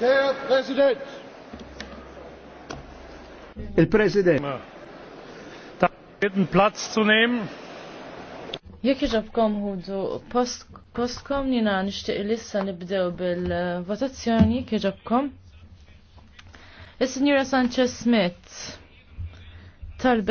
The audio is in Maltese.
Der Präsident. Il-President. Bitten Platz zu nehmen. Jekk iġabkom ħudu postkom jina nixtieq lissa nibdew bil-votazzjoni jekk iġabkom. Is-Sinjura Sanchez Smith talbet